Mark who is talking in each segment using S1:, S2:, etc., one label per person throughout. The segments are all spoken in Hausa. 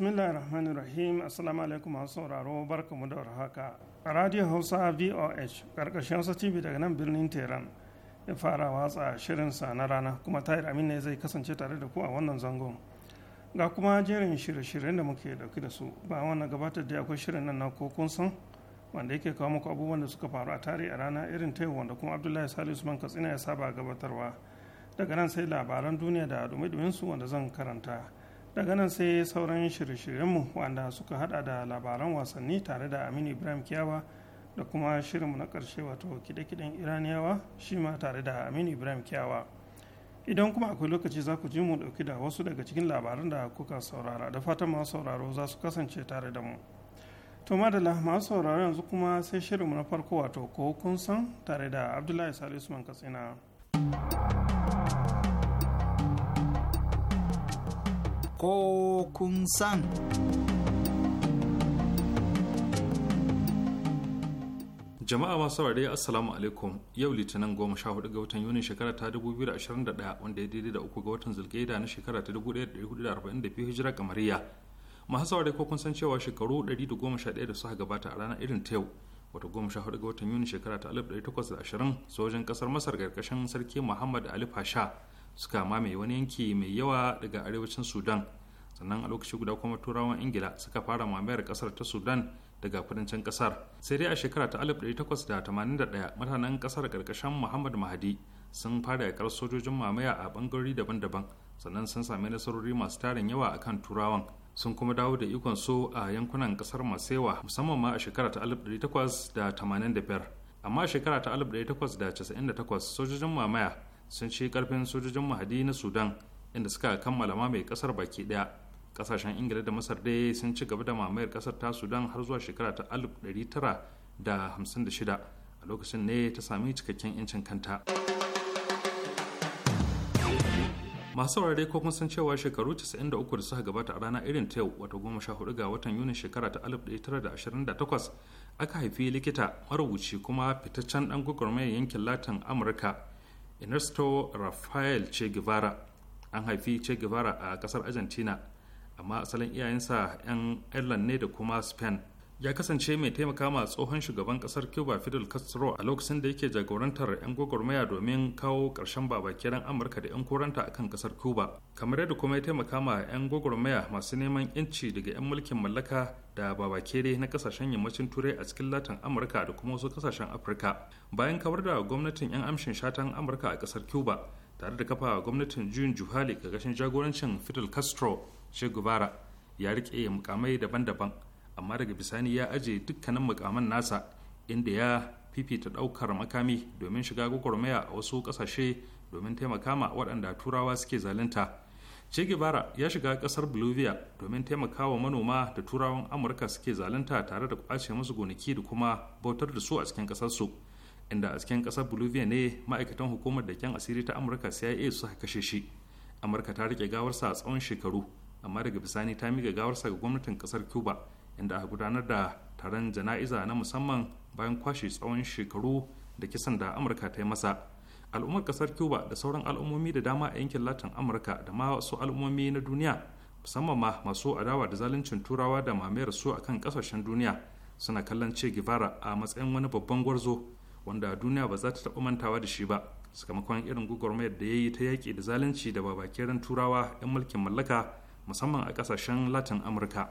S1: bismillahir rahmanir rahim assalamu alaikum masu sauraro Barka mu da warhaka radio hausa voh karkashin hausa tv daga nan birnin tehran ya fara watsa shirin sa na rana kuma tahir amin ne zai kasance tare da ku a wannan zangon ga kuma jerin shirye-shiryen da muke dauki da su ba wannan gabatar da akwai shirin nan na ko kun san wanda yake kawo muku abubuwan da suka faru a tare a rana irin ta wanda kuma abdullahi salisu usman katsina ya saba gabatarwa daga nan sai labaran duniya da dumi su wanda zan karanta daga nan sai sauran shirye-shiryenmu wanda suka hada da labaran wasanni tare da aminu ibrahim kiyawa da kuma shirinmu na karshe wato kide-kiden iraniyawa shi ma tare da aminu ibrahim kiyawa idan kuma akwai lokaci za ku ji mu ɗauki da wasu daga cikin labaran da kuka saurara da fatan masu sauraro za su kasance tare da mu to madalla masu sauraro yanzu kuma sai shirinmu na farko wato ko kun san tare da abdullahi salisu man katsina
S2: ko kun san.
S3: jama'a masu saurari assalamu alaikum yau litinin goma sha hudu ga watan yuni shekara ta dubu biyu da da ashirin daya wanda ya daidai da uku ga watan da na shekara ta dubu da da da hudu arba'in biyu hijira kamariya masu saurari ko kun san cewa shekaru ɗari da goma sha ɗaya da suka gabata a ranar irin ta yau wata goma sha hudu ga watan yuni shekara ta alif ɗari takwas da ashirin sojan kasar masar karkashin sarki muhammad ali pasha suka mamaye wani yanki mai yawa daga arewacin sudan sannan a lokaci guda kuma turawan ingila suka fara mamayar kasar ta sudan daga kudancin kasar sai dai a shekara ta 1881 mutanen kasar karkashin muhammad mahadi sun fara yakar sojojin mamaya a bangarori daban-daban sannan sun sami nasarori masu tarin yawa akan turawan sun kuma dawo da ikon so a yankunan kasar masewa musamman ma a shekara ta 1885 amma a shekara ta 1898 sojojin mamaya sun ci karfin sojojin mahadi na sudan inda suka kammala mai kasar baki daya kasashen ingila da masar dai sun ci gaba da mamayar kasar ta sudan har zuwa shekara ta 1956 a lokacin ne ta sami cikakken 'yancin kanta masu saurare ko kun san cewa shekaru 93 da suka gabata a rana irin ta yau wato 14 ga watan yuni shekara ta 1928 aka haifi likita marubuci kuma fitaccen dan gwagwarmayar yankin latin amurka ernesto rafael che guevara an haifi che guevara a kasar argentina amma asalin iyayensa 'yan ireland ne da kuma spain ya kasance mai taimaka ma tsohon shugaban kasar cuba fidel castro a lokacin da yake jagorantar 'yan gwagwarmaya domin kawo ƙarshen babakiran amurka da 'yan koranta akan kasar cuba kamar yadda kuma ya taimaka ma 'yan gwagwarmaya masu neman 'yanci daga 'yan mulkin mallaka da babakere na kasashen yammacin turai a cikin latin amurka da kuma wasu kasashen afirka bayan kawar da gwamnatin 'yan amshin shatan amurka a kasar cuba tare da kafa gwamnatin juyin juhali ga gashin jagorancin fidel castro che ya rike mukamai daban-daban amma daga bisani ya ajiye dukkanin mukaman nasa inda ya fifita daukar makami domin shiga gwagwarmaya a wasu kasashe domin taimaka ma waɗanda turawa suke zalunta che guevara ya shiga ƙasar bolivia domin taimakawa manoma da turawan amurka suke zalunta tare da kwace musu gonaki da kuma bautar da su a cikin kasarsu inda a cikin kasar bolivia ne ma'aikatan hukumar da kyan asiri ta amurka cia haka kashe shi amurka ta rike gawarsa a tsawon shekaru amma daga bisani ta miƙa gawarsa ga gwamnatin ƙasar cuba inda aka gudanar da taron jana'iza na musamman bayan kwashe tsawon shekaru da kisan da amurka ta yi masa al'ummar kasar cuba da sauran al'ummomi da dama a yankin latin amurka da ma wasu al'ummomi na duniya musamman ma masu adawa da zaluncin turawa da mamayar su akan kasashen duniya suna kallon ce givara a matsayin wani babban gwarzo wanda duniya ba za ta taɓa mantawa da shi ba sakamakon irin gugurmayar da ya yi ta yaƙi da zalunci da babakiran turawa 'yan mulkin mallaka musamman a kasashen latin amurka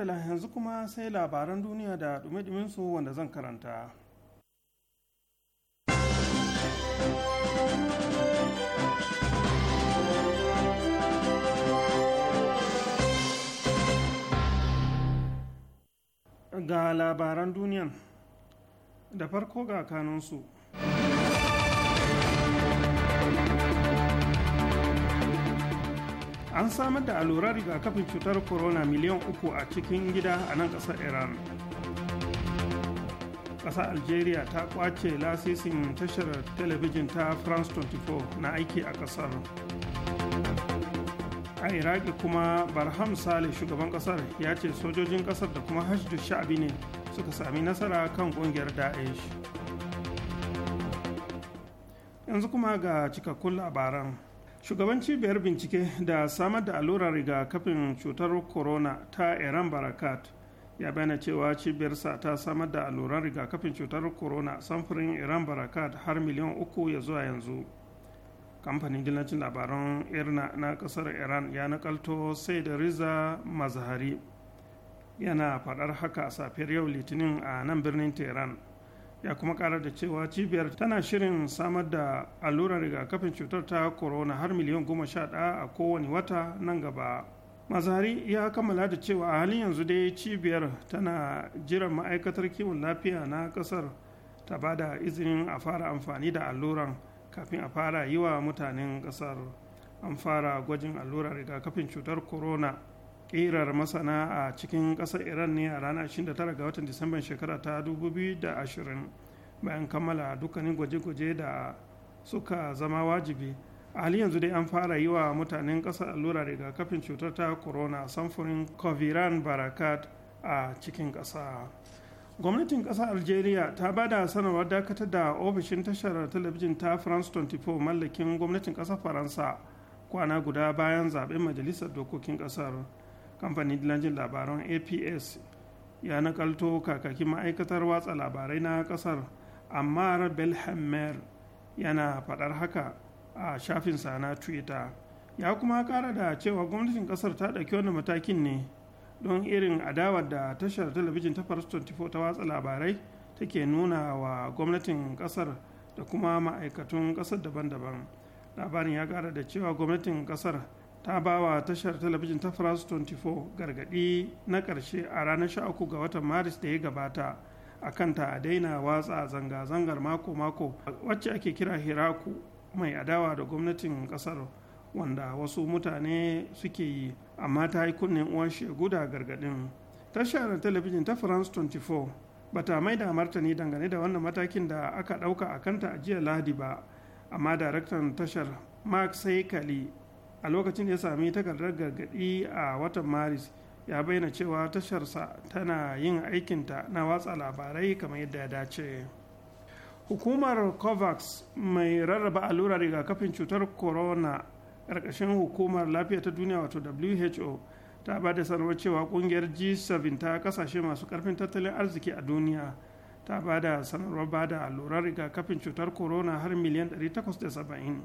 S1: madala yanzu kuma sai labaran duniya da dumi su wanda zan karanta. Ga labaran duniyan da farko ga kanunsu. an samar da allurar rigakafin cutar corona miliyan uku a cikin gida a nan ƙasar iran ƙasar algeria ta kwace lasisin tashar talabijin ta france 24 na aiki a ƙasar a iraki kuma barham Sale, shugaban ƙasar ya ce sojojin ƙasar da kuma Hajji sha'abi ne suka sami nasara kan ƙungiyar daesh yanzu kuma ga cikakkun labaran shugaban cibiyar bincike da samar da allurar rigakafin cutar corona ta iran barakat ya bayyana cewa cibiyarsa ta samar da allurar rigakafin cutar corona samfurin iran barakat har miliyan uku ya zuwa yanzu kamfanin dillacin labaran irna na kasar iran ya nakalto sai da riza mazahari yana faɗar haka safiyar yau litinin a nan birnin tehran ya kuma ƙarar da cewa cibiyar tana shirin samar da allurar rigakafin cutar ta corona har miliyan goma sha ɗaya a kowane wata nan gaba mazari ya kammala da cewa a halin yanzu dai cibiyar tana jiran ma'aikatar kiwon lafiya na ƙasar ta ba da izinin a fara amfani da alluran kafin a fara yi wa mutanen ƙasar an fara gwajin allurar rigakafin cutar corona Ƙirar masana a cikin ƙasar iran ne a ranar 29 ga watan disamban shekara ta 2020 bayan kammala dukkanin gwaje-gwaje da suka zama wajibi a hali yanzu dai an fara yi wa mutanen ƙasar allura rigakafin cutar ta corona samfurin coviran barakat a cikin ƙasa gwamnatin ƙasar algeria ta ba da sanarwar dakatar da ofishin tashar talabijin ta france 24 mallakin gwamnatin ƙasar faransa kwana guda bayan zaben majalisar dokokin ƙasar kamfanin dilancin labaran aps ya nakalto kakakin ma'aikatar watsa labarai na kasar ammar belhammer yana faɗar haka a shafinsa na twitter ya kuma kara da cewa gwamnatin kasar ta ɗauki wani matakin ne don irin adawar da tashar talabijin ta faras 24 ta watsa labarai take nuna wa gwamnatin kasar da kuma ma'aikatun kasar daban-daban labarin ya ƙara da cewa gwamnatin kasar ta ba wa tashar talabijin ta france 24 gargaɗi na ƙarshe a ranar 13 ga watan maris da ya gabata a kanta a daina watsa zanga-zangar mako-mako wacce ake kira hiraku mai adawa da gwamnatin ƙasar wanda wasu mutane suke yi amma ta yi kunnen uwan shegu da gargaɗin tashar talabijin ta france 24 bata mai da martani dangane da wannan matakin da aka ɗauka a kanta a jiya lahadi ba amma daraktan tashar mark sai kali a lokacin da ya sami takardar gargaɗi a watan maris ya bayyana cewa tasharsa tana yin aikinta na watsa labarai kamar yadda ya dace hukumar covax mai rarraba allurar rigakafin cutar corona ƙarƙashin hukumar lafiya ta duniya wato who ta ba da sanarwar cewa kungiyar g7 ta kasashe masu karfin tattalin arziki a duniya ta ba da sanarwar ba da allurar rigakafin cutar corona har miliyan 870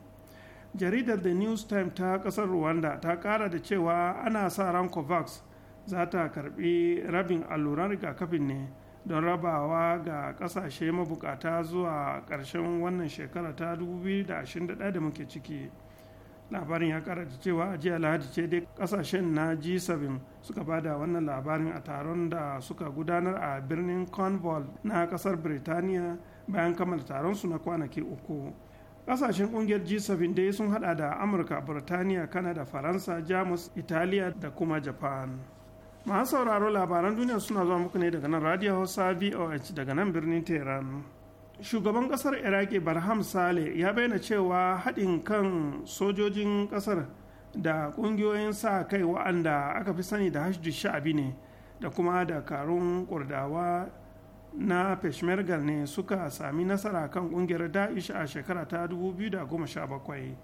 S1: jaridar the news time ta kasar rwanda ta kara da cewa ana sa ran covax za ta karbi rabin alluran rigakafin ne don rabawa ga kasashe mabukata zuwa karshen wannan shekara ta 2021 da muke ciki labarin ya kara da cewa a jiya lahadi ce dai kasashen na g7 suka bada wannan labarin a taron da suka gudanar a birnin cornwall na kasar birtaniya bayan kammala taron su na kwanaki uku kasashen kungiyar g7 dai sun hada da amurka burtaniya kanada faransa jamus italiya da kuma japan masu sauraro labaran duniya suna zuwa muku ne daga nan radio hausa voh daga nan birnin tehran shugaban kasar iraki barham saleh ya bayyana cewa haɗin kan sojojin kasar da ƙungiyoyin sa kai wa'anda aka fi sani da hashdu sha'abi ne da kuma da karun kurdawa na peshmerga ne suka sami nasara kan kungiyar daish a shekara ta 2017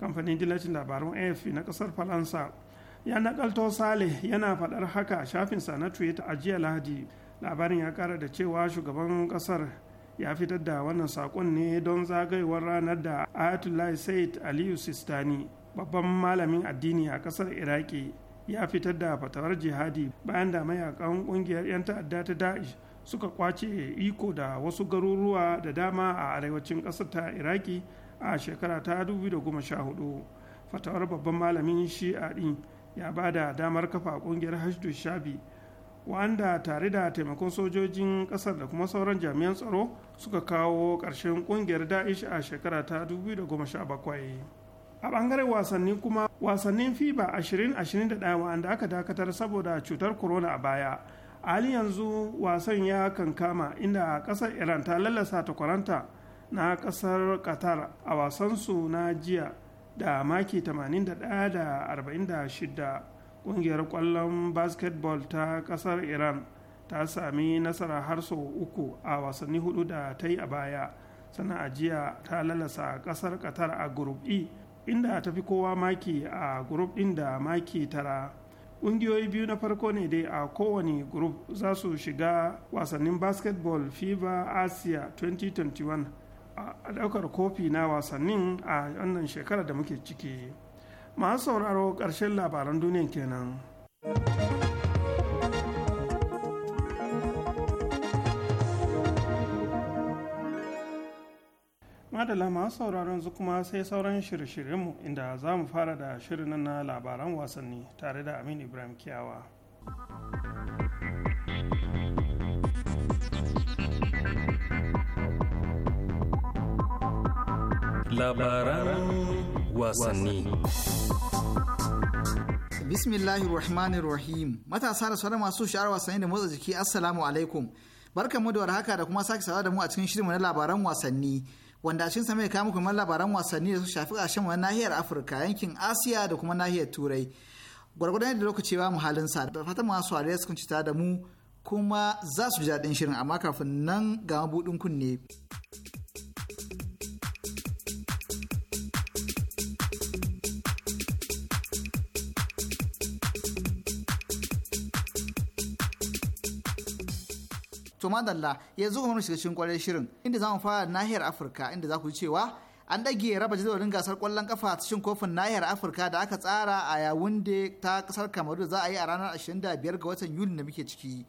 S1: kamfanin dilacin labarun afp na kasar faransa ya nakalto saleh yana faɗar haka a shafinsa na twitter a jiya lahadi labarin ya ƙara da cewa shugaban ƙasar ya fitar da wannan saƙon ne don zagayewar ranar da ayatollah said aliyu sistani babban malamin addini a ƙasar iraki ya fitar da fatarar jihadi bayan da mayakan ƙungiyar 'yan ta'adda ta daesh suka kwace iko da wasu garuruwa da dama a arewacin ƙasar ta iraki a shekara ta 2014 fatawar babban malamin shi'a ɗin ya ba da damar kafa ƙungiyar hashdu shabi wanda tare da taimakon sojojin ƙasar da kuma sauran jami'an tsaro suka kawo ƙarshen ƙungiyar da'ish a shekara ta 2017 a bangaren wasanni kuma wasannin fiba 2021 wanda aka dakatar saboda cutar corona a baya hali yanzu wasan ya kankama inda kasar iran ta lallasa takwaranta na kasar qatar a wasansu na jiya da maki 81 da 46 kungiyar kwallon basketball ta kasar iran ta sami nasara har sau uku a wasanni hudu da ta yi a baya sana a jiya ta lalasa kasar qatar a group e inda ta fi kowa maki a group din da maki tara ƙungiyoyi biyu na farko ne dai a kowane group za su shiga wasannin basketball fiba asia 2021 a daukar kofi na wasannin a wannan shekarar da muke ciki masu sauraro karshen labaran duniya kenan. madala masu sauraron zu kuma sai sauran shirye-shiryenmu inda za mu fara da shirin na labaran wasanni tare da amin ibrahim kiyawa
S3: labaran wasanni
S2: Rahim matasa da sauran masu sha'ar wasanni da motsa jiki assalamu alaikum barkan mu da warhaka da kuma sake sawa da mu a cikin shirinmu na labaran wasanni wanda cikin sa mai kawo muku labaran wasanni da su shafi ƙarshen wani nahiyar Afirka yankin Asiya da kuma nahiyar Turai. Gwargwadon yadda lokaci ba mu halin sa da fatan masu ariya sukan kunci da mu kuma za su ji daɗin shirin amma kafin nan ga mabuɗin kunne. to madalla yanzu kuma shiga cikin kwarar shirin inda za mu fara nahiyar afirka inda za ku ji cewa an ɗage raba jadawalin gasar ƙwallon kafa ta cin kofin nahiyar afirka da aka tsara a yawunde ta ƙasar kamaru da za a yi a ranar 25 ga watan yuli da muke ciki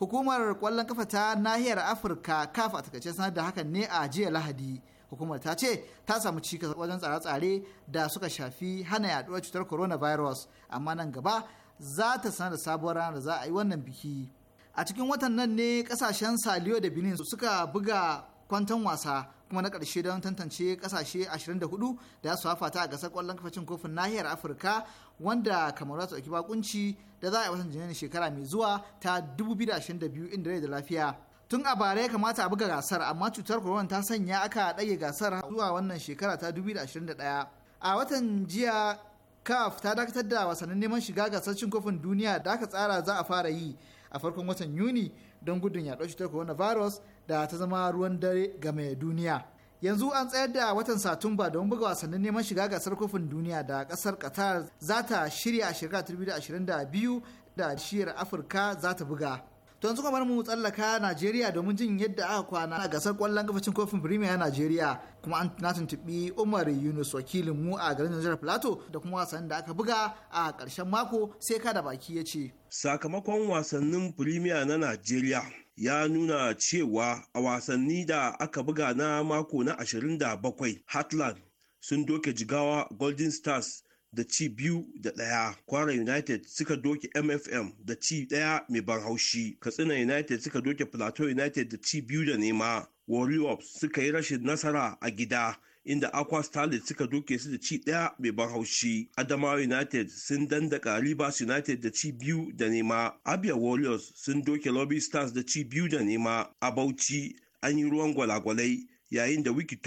S2: hukumar ƙwallon kafa ta nahiyar afirka kafa a takaice sanar da hakan ne a jiya lahadi hukumar ta ce ta samu cikas wajen tsare-tsare da suka shafi hana yaduwar cutar coronavirus amma nan gaba za ta sanar da sabuwar ranar da za a yi wannan biki a cikin watan nan ne kasashen saliyo da benin suka buga kwanton wasa kuma na karshe don tantance kasashe 24 da su hafata a gasar ƙwallon kafacin kofin nahiyar afirka wanda kamar su ɗauki bakunci da za a yi watan janairun shekara mai zuwa ta 2022 inda rai da lafiya tun a bara ya kamata a buga gasar amma cutar corona ta sanya aka ɗage gasar zuwa wannan shekara ta 2021 a watan jiya caf ta dakatar da wasannin neman shiga gasar cin kofin duniya da aka tsara za a fara yi a farkon watan yuni don gudun yaɗuwar cutar coronavirus da ta zama ruwan dare ga mai duniya yanzu an tsayar da watan satumba don buga wasannin neman shiga gasar kofin duniya da ƙasar qatar za ta shirya a shekara 2022 da shiyar afirka za ta buga To yanzu kamar mu tsallaka Najeriya domin jin yadda aka kwana a gasar kwallon kafacin kofin Premier Najeriya kuma an na tuntuɓi Umar Yunus wakilin mu a garin nigeria Plateau da kuma wasan da aka buga a karshen mako sai ka da baki ya ce.
S4: Sakamakon wasannin Premier na Najeriya ya nuna cewa a wasanni da aka buga na mako na 27 Heartland sun doke jigawa Golden Stars da ci biyu da ɗaya kwara united suka doke mfm da ci ɗaya mai ban haushi katsina united suka doke plateau united da ci biyu da nema warriors suka yi rashin nasara a gida inda aqua starlet suka doke su da ci ɗaya mai ban haushi adamawa united sun dandaka rivers united da ci biyu da nema abia warriors sun doke lobby stars da ci biyu da nema a bauchi an yi ruwan gwalagwalai yayin da wiki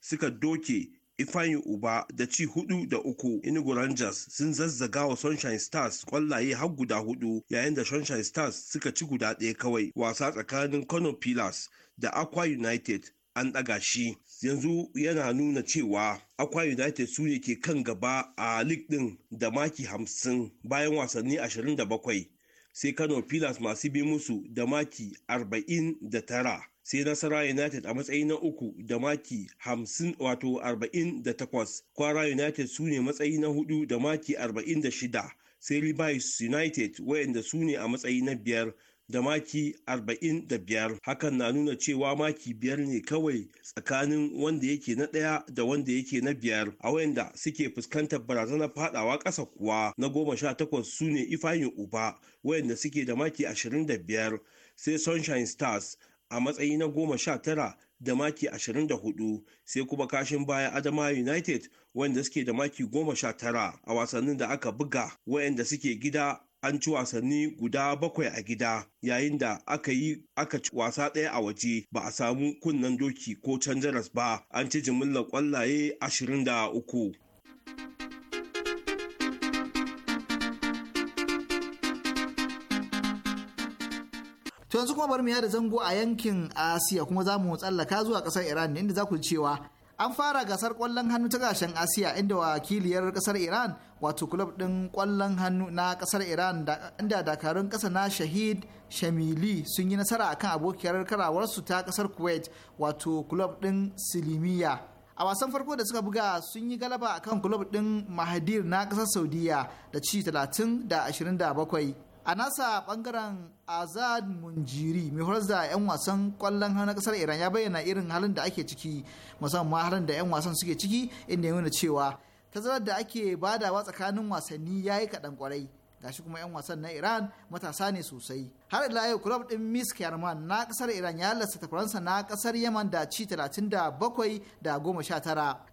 S4: suka doke Ifeanyi Uba da ci hudu da uku. Enugu Rangers sun zazzaga wa Sunshine Stars kwallaye har guda hudu yayin da Sunshine Stars suka ci guda ɗaya kawai. Wasa tsakanin Kano Pillars da Aqua United an ɗaga shi yanzu yana nuna cewa Akwa United su ne ke kan gaba a lig ɗin da maki hamsin bayan wasanni ashirin da bakwai, sai Kano Pillars masu bi musu da maki arba'in da tara. sai nasara united a matsayi na uku da maki 50 wato 48 kwara united su ne matsayi na hudu da maki 46 sai levi's united wayanda su ne a matsayi na biyar da maki 45 hakan na nuna cewa maki biyar ne kawai tsakanin wanda yake na ɗaya da wanda yake na biyar a wayanda suke fuskantar barazanar fadawa ƙasa kuwa na goma sha takwas su ne ifayin uba wayanda suke da maki 25 sai sunshine stars a matsayi na goma sha tara da maki ashirin da 24 sai kuma kashin baya adama united wanda suke da maki goma sha tara, a wasannin da aka buga wayanda suke gida an ci wasanni guda bakwai a gida yayin da aka yi aka ci wasa ɗaya a waje ba a samu kunnen doki ko canjaras ba an ci jimillar kwallaye uku
S2: to yanzu kuma bari mu yada zango a yankin asiya kuma za mu tsallaka zuwa kasar iran inda za ku cewa an fara gasar kwallon hannu ta gashen asiya inda wakiliyar kasar iran wato kulob din kwallon hannu na kasar iran inda dakarun kasa na shahid shamili sun yi nasara akan abokiyar karawarsu ta kasar kuwait wato kulob din silimiya a wasan farko da suka buga sun yi galaba akan kulob din mahadir na kasar saudiya da ci 30 da 27 a nasa bangaren azad munjiri mai horar da 'yan wasan kwallon hannu na kasar iran ya bayyana irin halin da ake ciki musamman halin da 'yan wasan suke ciki inda ya nuna cewa tazarar da ake badawa tsakanin wasanni ya yi kaɗan kwarai gashi kuma 'yan wasan na iran matasa ne sosai har ila yau club din misk yarman na kasar iran ya lasa takwaransa na kasar yaman da ci 37 da 19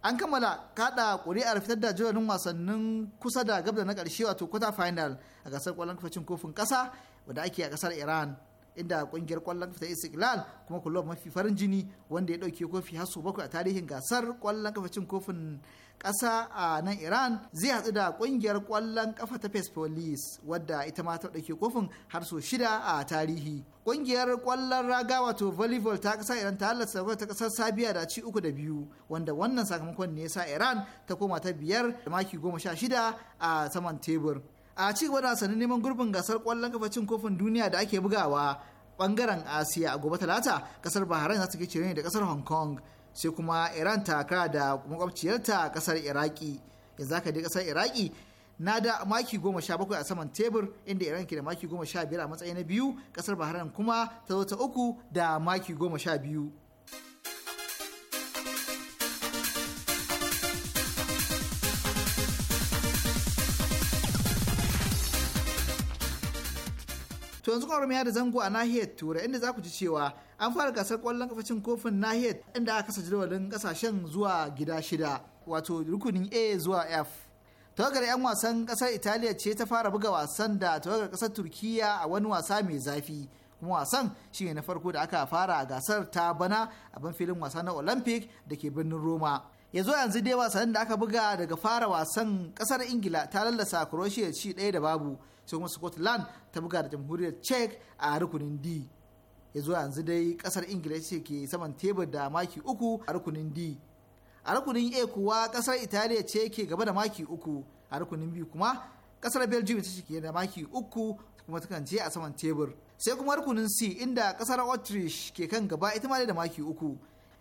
S2: an kammala kada kuri'ar fitar da jadawalin wasannin kusa da gabda na karshe wato quarter final a gasar kwallon kafacin kofin kasa wadda ake a kasar iran inda kungiyar kwallon kafa ta Istiklal kuma kulob mafi farin jini wanda ya dauke kofi har bakwai a tarihin gasar kwallon kafa cin kofin kasa a nan Iran zai hatsu da kungiyar kwallon kafa ta Persepolis wadda ita ma ta dauke kofin har sau shida a tarihi. Kungiyar kwallon raga wato volleyball ta kasa Iran ta halarta ta kasar Sabiya da ci uku da biyu wanda wannan sakamakon ne ya sa Iran ta koma ta biyar da maki goma sha shida a saman tebur. a ci gaba da wasannin neman gurbin gasar kwallon kafa cin kofin duniya da ake bugawa bangaren asiya a gobe talata kasar bahrain za ta ke ne da kasar hong kong sai kuma iran ta kara da makwabciyarta kasar iraki yanzu haka dai kasar iraki na da maki goma sha bakwai a saman tebur inda iran ke da maki goma sha biyar a matsayi na biyu kasar bahrain kuma ta zo ta uku da maki goma sha biyu To yanzu kwarar ya da zango a nahiyar Turai inda za ku ji cewa an fara gasar kwallon kafacin kofin nahiyar inda aka kasa jadawalin kasashen zuwa gida shida wato rukunin A zuwa F. Tawagar 'yan wasan kasar Italiya ce ta fara buga wasan da tawagar kasar Turkiya a wani wasa mai zafi. kuma wasan shine na farko da aka fara a gasar ta bana a ban filin wasa na olympic da ke birnin roma yanzu yanzu dai wasanin da aka buga daga fara wasan kasar ingila ta lallasa croatia ci daya da babu sai kuma scotland ta buga da jamhuriyar czech a rukunin d ya zo yanzu dai kasar ingila ce ke saman tebur da maki uku a rukunin d a rukunin a kuwa kasar italiya ce ke gaba da maki uku a rukunin b kuma kasar belgium ta ce ke da maki uku kuma kan ce a saman tebur sai kuma rukunin c inda kasar autrish ke kan gaba ita ma da maki uku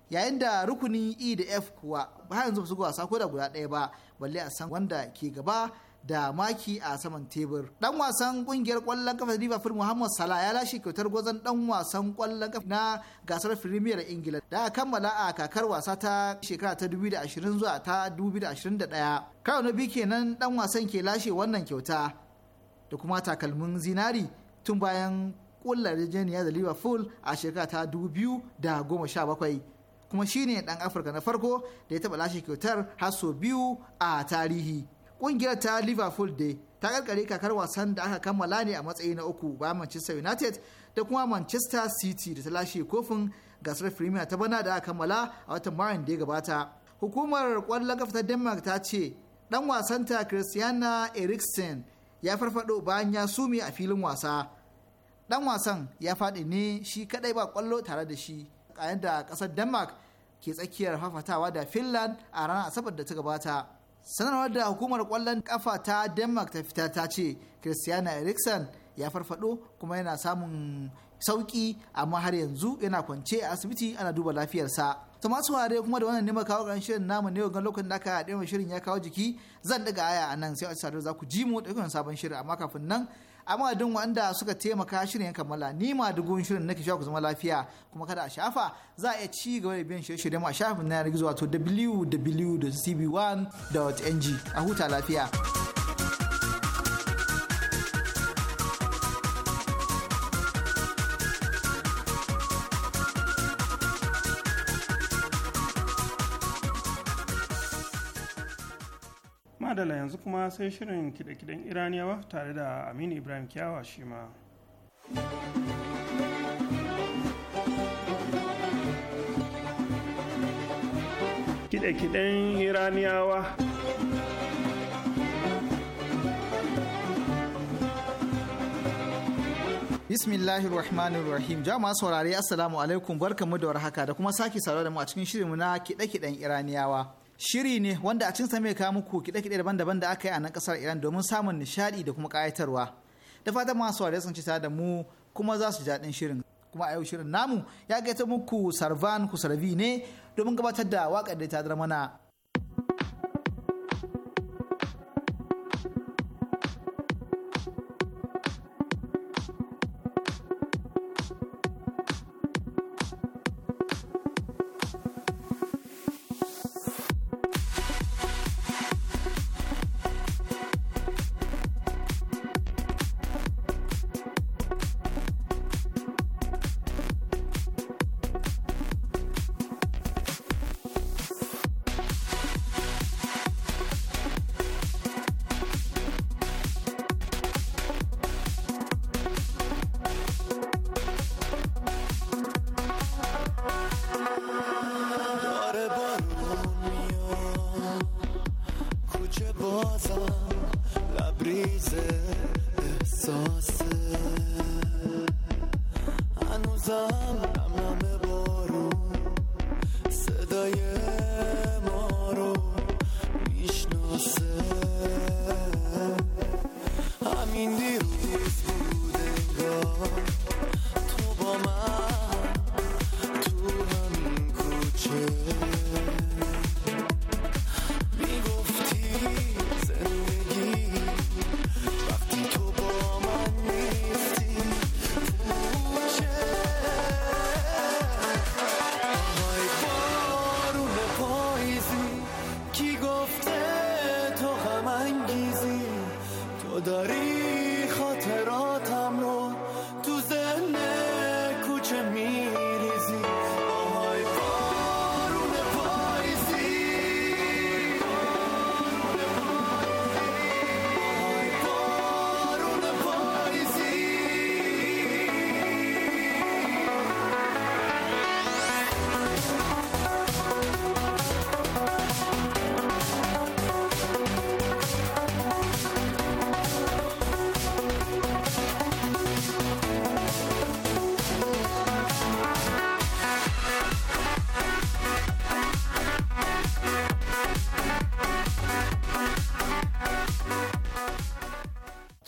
S2: yayin da rukunin e da f kuwa ba yanzu su gwasa ko da guda ɗaya ba balle a san wanda ke gaba da maki a saman tebur. Dan wasan kungiyar kwallon kafa Liverpool Muhammad Salah ya lashe kyautar gwazon dan wasan kwallon kafa na gasar Premier Ingila da a kammala a kakar wasa ta shekara ta 2020 zuwa ta 2021. Karo na biyu kenan dan wasan ke lashe wannan kyauta da kuma takalmin zinari tun bayan kullar jeniya da Liverpool a shekara ta 2017. kuma shine dan afirka na farko da ya taba lashe kyautar har sau biyu a tarihi kungiyar ta liverpool dai ta karkare kakar wasan da aka kammala ne a matsayi na uku bayan manchester united da kuma manchester city da ta lashe kofin gasar premier ta bana da aka kammala a watan mayan da ya gabata hukumar kwallon kafa ta denmark ta ce dan ta christiana eriksen ya farfado bayan ya sumi a filin wasa dan wasan ya faɗi ne shi kadai ba kwallo tare da shi a yadda kasar denmark ke tsakiyar fafatawa da finland a ranar asabar da ta gabata sanarwar da hukumar kwallon kafa ta denmark ta fita ta ce christiana eriksson ya farfado kuma yana samun sauki amma har yanzu yana kwance a asibiti ana duba lafiyarsa to masu ware kuma da wannan nema kawo ƙarshen shirin namu ne ga lokacin da aka haɗe shirin ya kawo jiki zan daga aya a nan sai a sadar za ku ji mu da sabon shirin amma kafin nan a madadin wanda suka taimaka shirin ya kammala ni ma gun shirin nake ku zama lafiya kuma kada a shafa za a iya ci gaba da biyan shirye-shirye ma a shafin na gizo wato www.cb1.ng a huta lafiya.
S1: madala yanzu kuma sai shirin kide-kiden iraniyawa tare da aminu ibrahim kyawa shi ma kide-kiden
S2: iraniyawa Bismillahir Rahmanir Rahim. Jama'a saurare Assalamu alaikum barkamu da warhaka da kuma sake saurare mu a cikin shirinmu na kide-kiden Iraniyawa. shiri ne wanda a cinsa mai kawo muku kiɗe-kiɗe daban-daban da aka yi a nan ƙasar Iran domin samun nishaɗi da kuma ƙayatarwa. Da fatan masu ware sun ci da mu kuma za su ji daɗin shirin. Kuma a yau shirin namu ya gaita muku Sarvan Kusarvi ne domin gabatar da waƙar da ta mana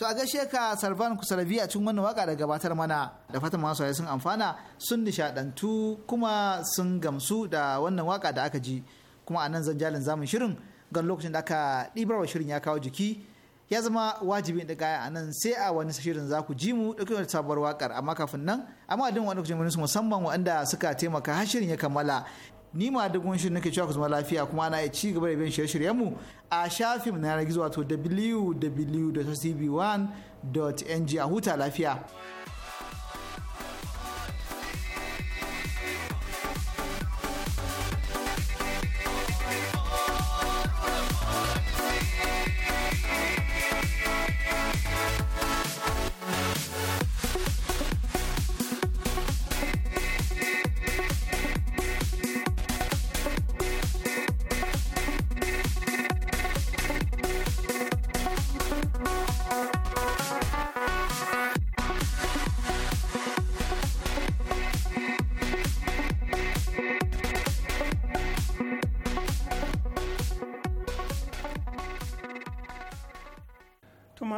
S2: To a gaishe ka Sarvan Kusarabi a cikin wannan waka da gabatar mana da fatan masu sun amfana sun nishadantu kuma sun gamsu da wannan waka da aka ji kuma a nan zan jalin zamun shirin gan lokacin da aka ɗibar wa shirin ya kawo jiki ya zama wajibi da gaya a nan sai a wani shirin za ku ji mu ɗauke da sabuwar wakar amma kafin nan amma duk wani lokacin musamman waɗanda suka taimaka har shirin ya kammala ni ma duk wani shirin nake cewa ku zama lafiya kuma na ci gaba da bin shirye-shiryen mu a shafin na yanar gizo wato www.cb1.ng a huta lafiya.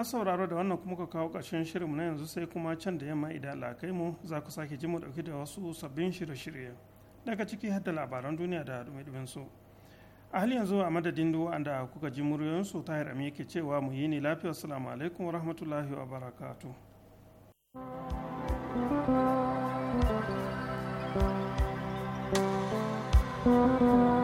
S1: sauraro da wannan kuma ka kawo ƙarshen shirinmu na yanzu sai kuma can da yamma idan lakai mu za ku sake ji mu ɗauki da wasu sabbin shirye-shirye daga ciki har da labaran duniya da dumi su a hali yanzu a madadin duwa anda kuka ji muryoyinsu ta ami yake cewa mu yi ni lafiya Salamu alaikum wa rahmatullahi wa
S5: barakatu. thank you